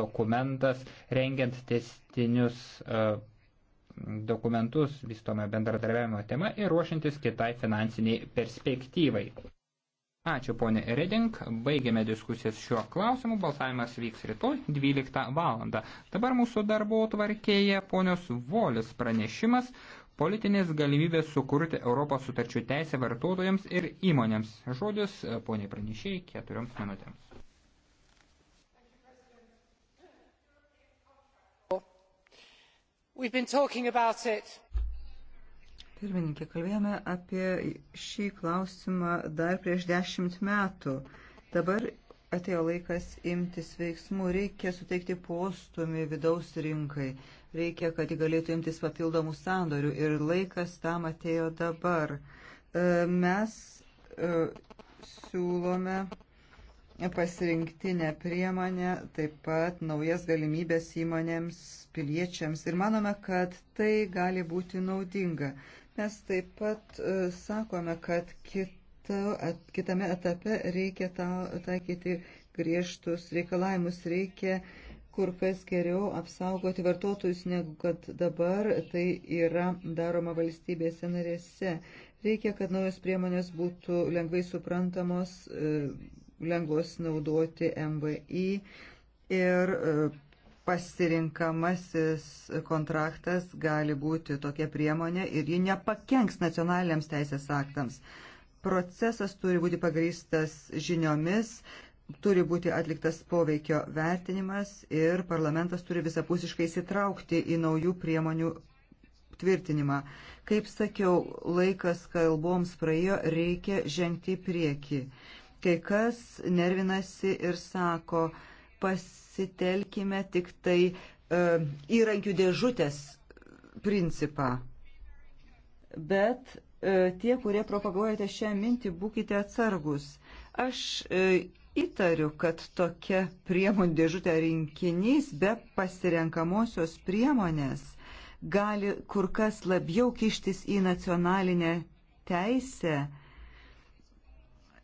dokumentas, rengiant testinius e, dokumentus vystomą bendradarbiavimo tema ir ruošiantis kitai finansiniai perspektyvai. Ačiū ponė Reding, baigėme diskusijas šiuo klausimu, balsavimas vyks rytoj 12 val. Dabar mūsų darbo tvarkėje ponios Volis pranešimas politinės galimybės sukurti Europos sutarčių teisę vartotojams ir įmonėms. Žodis e, poniai pranešėjai keturioms minutėms. Pirmininkė, kalbėjome apie šį klausimą dar prieš dešimt metų. Dabar atėjo laikas imtis veiksmų, reikia suteikti postumį vidaus rinkai, reikia, kad ji galėtų imtis papildomų sandorių ir laikas tam atėjo dabar. E, mes e, siūlome pasirinktinę priemonę, taip pat naujas galimybės įmonėms, piliečiams ir manome, kad tai gali būti naudinga. Mes taip pat uh, sakome, kad kita, at, kitame etape reikia ta, taikyti griežtus reikalavimus, reikia kur kas geriau apsaugoti vartotojus, negu kad dabar tai yra daroma valstybėse narėse. Reikia, kad naujos priemonės būtų lengvai suprantamos. Uh, lengvos naudoti MVI ir e, pasirinkamasis kontraktas gali būti tokia priemonė ir ji nepakenks nacionaliniams teisės aktams. Procesas turi būti pagrįstas žiniomis, turi būti atliktas poveikio vertinimas ir parlamentas turi visapusiškai įsitraukti į naujų priemonių tvirtinimą. Kaip sakiau, laikas kalboms praėjo, reikia žengti į priekį. Kai kas nervinasi ir sako, pasitelkime tik tai e, įrankių dėžutės principą. Bet e, tie, kurie propaguojate šią mintį, būkite atsargus. Aš e, įtariu, kad tokia priemonių dėžutė rinkinys be pasirenkamosios priemonės gali kur kas labiau kištis į nacionalinę teisę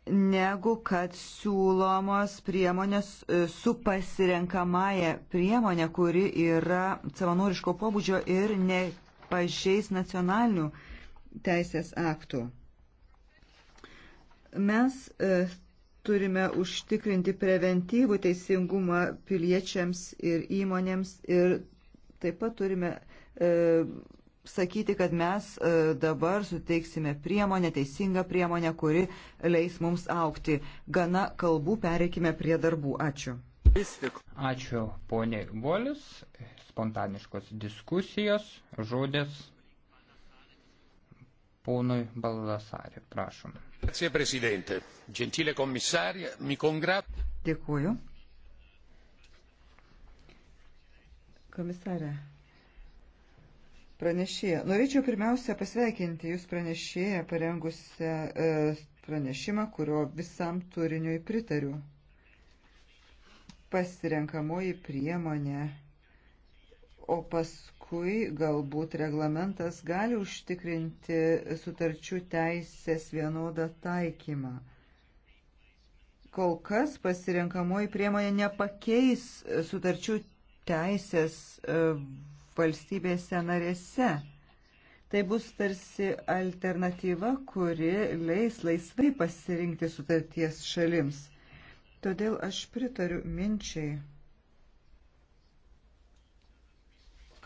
negu kad siūlomos priemonės e, su pasirenkamąją priemonę, kuri yra savanoriško pobūdžio ir nepažeis nacionalinių teisės aktų. Mes e, turime užtikrinti preventyvų teisingumą piliečiams ir įmonėms ir taip pat turime e, sakyti, kad mes e, dabar suteiksime priemonę, teisingą priemonę, kuri leis mums aukti. Gana kalbų, pereikime prie darbų. Ačiū. Ačiū poniai Volis, spontaniškos diskusijos, žodis ponui Ballasarė, prašom. Grazie, prezidente. Gentile komisarė, mi kongrat. Dėkuoju. Komisarė, pranešėją. Norėčiau pirmiausia pasveikinti Jūs pranešėją parengusią e, pranešimą, kurio visam turiniui pritariu. Pasirenkamoji priemonė, o paskui galbūt reglamentas gali užtikrinti sutarčių teisės vienodą taikymą kol kas pasirenkamoji priemonė nepakeis sutarčių teisės e, valstybėse narėse. Tai bus tarsi alternatyva, kuri leis laisvai pasirinkti sutarties šalims. Todėl aš pritariu minčiai,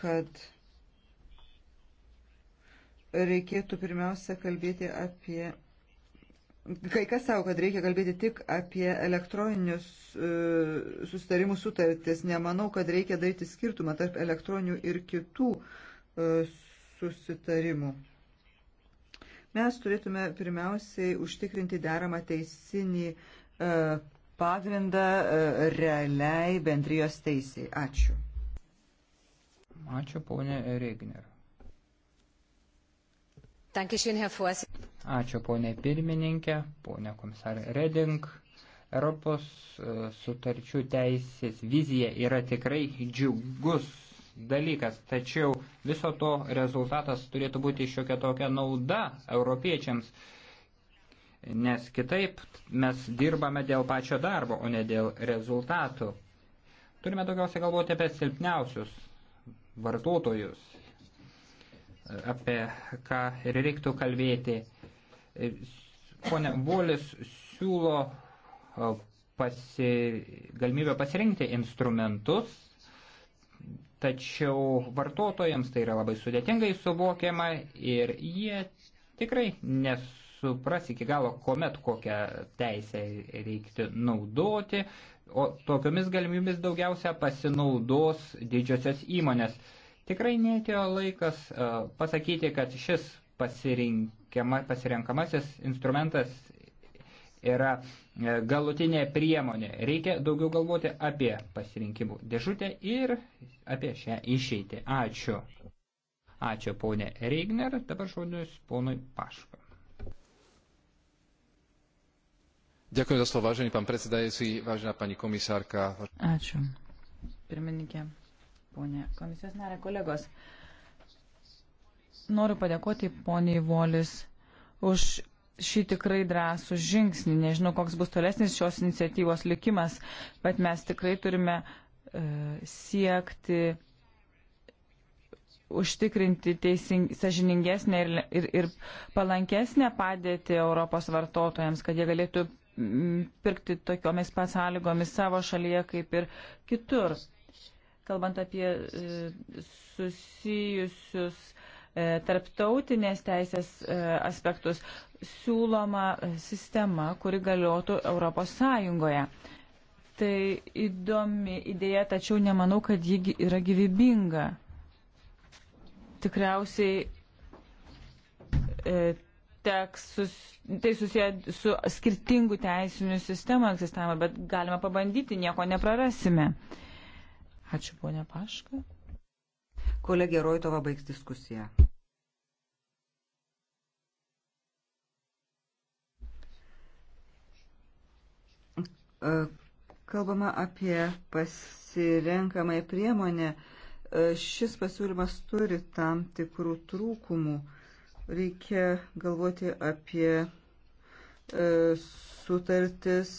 kad reikėtų pirmiausia kalbėti apie Kai kas savo, kad reikia kalbėti tik apie elektroninius e, sustarimus sutartis, nemanau, kad reikia daryti skirtumą tarp elektroninių ir kitų e, susitarimų. Mes turėtume pirmiausiai užtikrinti deramą teisinį e, pagrindą e, realiai bendrijos teisiai. Ačiū. Ačiū, ponė Regner. Ačiū ponė pirmininkė, ponė komisarė Reding. Europos e, sutarčių teisės vizija yra tikrai džiugus dalykas, tačiau viso to rezultatas turėtų būti šiokia tokia nauda europiečiams, nes kitaip mes dirbame dėl pačio darbo, o ne dėl rezultatų. Turime daugiausiai galvoti apie silpniausius vartotojus apie ką ir reiktų kalbėti. Pone Volis siūlo pasi, galimybę pasirinkti instrumentus, tačiau vartotojams tai yra labai sudėtingai suvokiama ir jie tikrai nesupras iki galo, kuomet kokią teisę reikti naudoti, o tokiomis galimybėmis daugiausia pasinaudos didžiosios įmonės. Tikrai netėjo laikas e, pasakyti, kad šis pasirenkamasis instrumentas yra e, galutinė priemonė. Reikia daugiau galvoti apie pasirinkimų dėžutę ir apie šią išeitį. Ačiū. Ačiū ponė Reigner. Dabar žodis ponui Paška. Ďakujem za slovo, vážený pán predsedajúci, vážená pani komisárka. Ačiū. Pirmininkė ponė komisijos narė, kolegos. Noriu padėkoti poniai Volis už šį tikrai drąsų žingsnį. Nežinau, koks bus tolesnis šios iniciatyvos likimas, bet mes tikrai turime uh, siekti užtikrinti teising, sažiningesnę ir, ir, ir palankesnę padėtį Europos vartotojams, kad jie galėtų pirkti tokiomis pat sąlygomis savo šalyje kaip ir kitur kalbant apie e, susijusius e, tarptautinės teisės e, aspektus, siūloma sistema, kuri galiotų Europos Sąjungoje. Tai įdomi idėja, tačiau nemanau, kad ji yra gyvybinga. Tikriausiai teks, sus, tai susiję su skirtingų teisinių sistemų egzistavimą, bet galima pabandyti, nieko neprarasime. Uh, Ačiū, ponia Paška. Kolegė Roitova baigs diskusiją. E, kalbama apie pasirenkamą priemonę. E, šis pasiūlymas turi tam tikrų trūkumų. Reikia galvoti apie E, sutartis,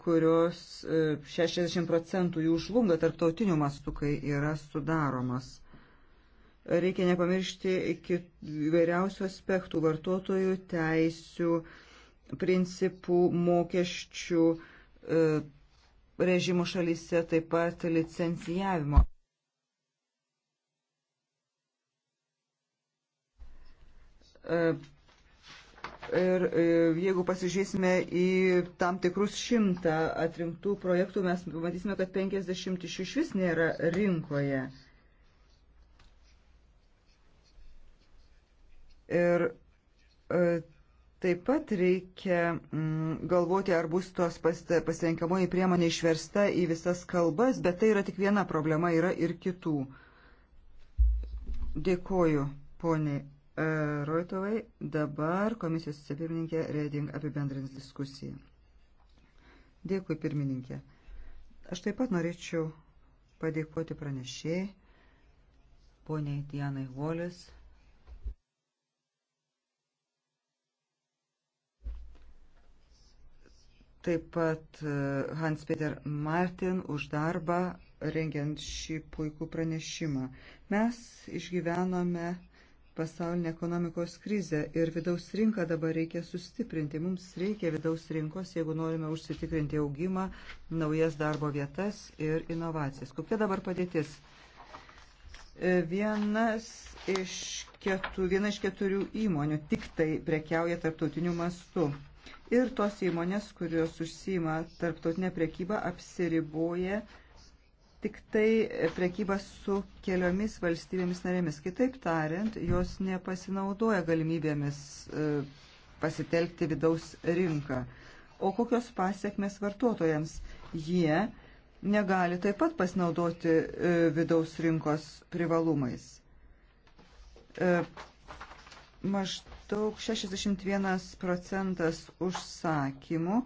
kurios 60 e, procentų jų žlunga tarptautiniu mastu, kai yra sudaromas. Reikia nepamiršti įvairiausių aspektų vartotojų teisių, principų, mokesčių e, režimų šalyse, taip pat licencijavimo. Ir e, jeigu pasižiūrėsime į tam tikrus šimtą atrinktų projektų, mes matysime, kad 50 iš vis nėra rinkoje. Ir e, taip pat reikia mm, galvoti, ar bus tos pasirenkamoji priemonė išversta į visas kalbas, bet tai yra tik viena problema, yra ir kitų. Dėkoju, poniai E, Roitovai, dabar komisijos vicepirmininkė Reding apibendrins diskusiją. Dėkui, pirmininkė. Aš taip pat norėčiau padėkoti pranešėjai, poniai Dianai Volis. Taip pat e, Hans-Peter Martin už darbą rengiant šį puikų pranešimą. Mes išgyvenome uh, pasaulinę ekonomikos krizę ir vidaus rinką dabar reikia sustiprinti. Mums reikia vidaus rinkos, jeigu norime užsitikrinti augimą, naujas darbo vietas ir inovacijas. Kokia dabar padėtis? E, vienas iš keturių, viena iš keturių įmonių tik tai prekiauja tarptautiniu mastu. Ir tos įmonės, kurios užsima tarptautinę prekybą, apsiriboja tik tai prekyba su keliomis valstybėmis narėmis. Kitaip tariant, jos nepasinaudoja galimybėmis e, pasitelkti vidaus rinką. O kokios pasiekmes vartotojams? Jie negali taip pat pasinaudoti e, vidaus rinkos privalumais. E, maždaug 61 procentas užsakymų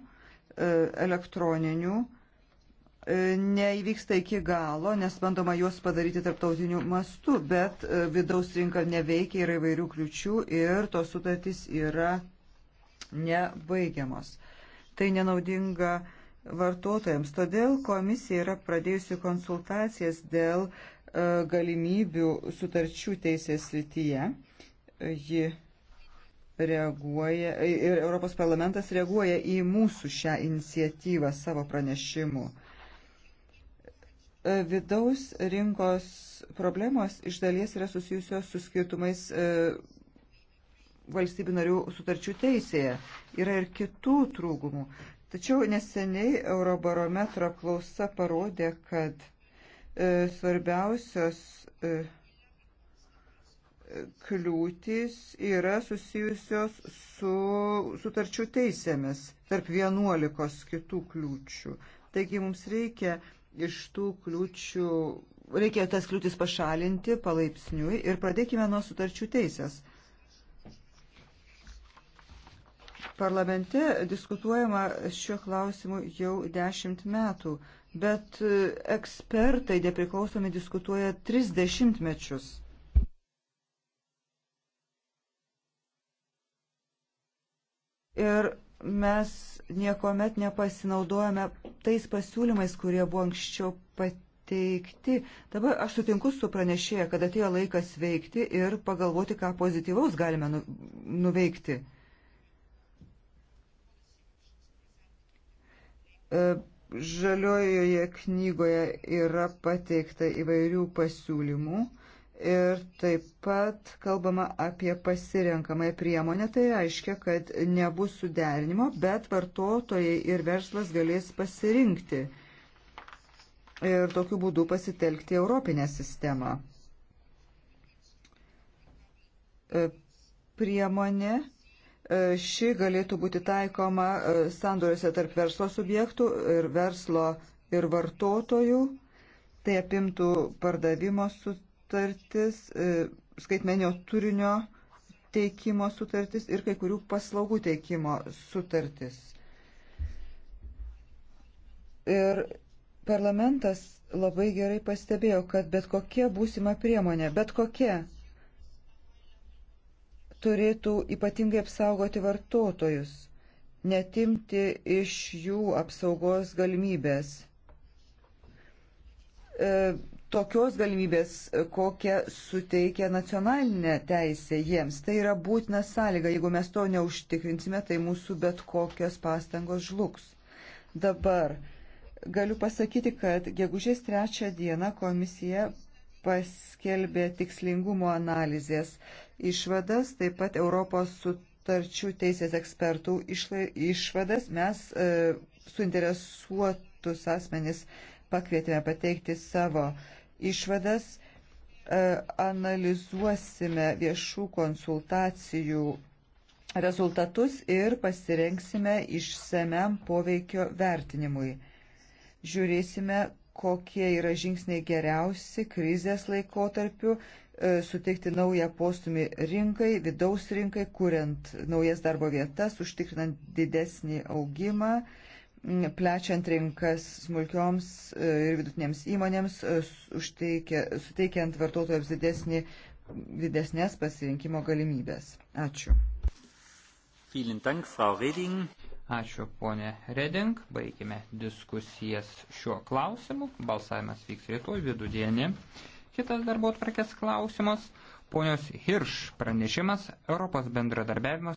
elektroninių E, neįvyksta iki galo, nes bandoma juos padaryti tarptautiniu mastu, bet e, vidaus rinka neveikia, yra įvairių kliučių ir tos sutartys yra nebaigiamos. Tai nenaudinga vartotojams. Todėl komisija yra pradėjusi konsultacijas dėl e, galimybių sutarčių teisės srityje. Ji reaguoja ir Europos parlamentas reaguoja į mūsų šią iniciatyvą savo pranešimu. E, vidaus rinkos problemos iš dalies yra susijusios su skirtumais e, valstybių narių sutarčių teisėje. Yra ir kitų trūkumų. Tačiau neseniai Eurobarometro klausa parodė, kad e, svarbiausios e, kliūtis yra susijusios su sutarčių teisėmis tarp 11 kitų kliūčių. Taigi mums reikia iš tų kliūčių, reikia tas kliūtis pašalinti palaipsniui ir pradėkime nuo sutarčių teisės. Parlamente diskutuojama šiuo klausimu jau dešimt metų, bet e, ekspertai nepriklausomi diskutuoja tris dešimtmečius. Ir mes niekuomet nepasinaudojame tais pasiūlymais, kurie buvo anksčiau pateikti. Dabar aš sutinku su pranešėja, kad atėjo laikas veikti ir pagalvoti, ką pozityvaus galime nu, nuveikti. E, žaliojoje knygoje yra pateikta įvairių pasiūlymų Ir taip pat kalbama apie pasirenkamąją priemonę, tai reiškia, kad nebus suderinimo, bet vartotojai ir verslas galės pasirinkti ir tokiu būdu pasitelkti Europinę sistemą. E, priemonė e, ši galėtų būti taikoma e, sandoriuose tarp verslo subjektų ir verslo ir vartotojų. Tai apimtų pardavimo sutartį sutartis, e, skaitmenio turinio teikimo sutartis ir kai kurių paslaugų teikimo sutartis. Ir parlamentas labai gerai pastebėjo, kad bet kokia būsima priemonė, bet kokia turėtų ypatingai apsaugoti vartotojus, netimti iš jų apsaugos galimybės. E, tokios galimybės, e, kokią suteikia nacionalinė teisė jiems. Tai yra būtina sąlyga. Jeigu mes to neužtikrinsime, tai mūsų bet kokios pastangos žlugs. Dabar galiu pasakyti, kad gegužės trečią dieną komisija paskelbė tikslingumo analizės išvadas, taip pat Europos sutarčių teisės ekspertų išvadas. Mes e, suinteresuotus asmenis pakvietėme pateikti savo uh, išvadas, e, analizuosime viešų konsultacijų rezultatus ir pasirengsime išsamiam poveikio vertinimui. Žiūrėsime, kokie yra žingsniai geriausi krizės laikotarpiu, e, suteikti naują postumį rinkai, vidaus rinkai, kuriant naujas darbo vietas, užtikrinant didesnį augimą plečiant rinkas smulkioms e, ir vidutinėms įmonėms, e, užteikia, suteikiant vartotojams didesnį, didesnės pasirinkimo galimybės. Ačiū. Dank, Frau Reding. Ačiū, ponė Reding. Baigime diskusijas šiuo klausimu. Balsavimas vyks rytoj vidudienį. Kitas darbo atvarkės klausimas. Ponios Hirš pranešimas Europos bendradarbiavimas.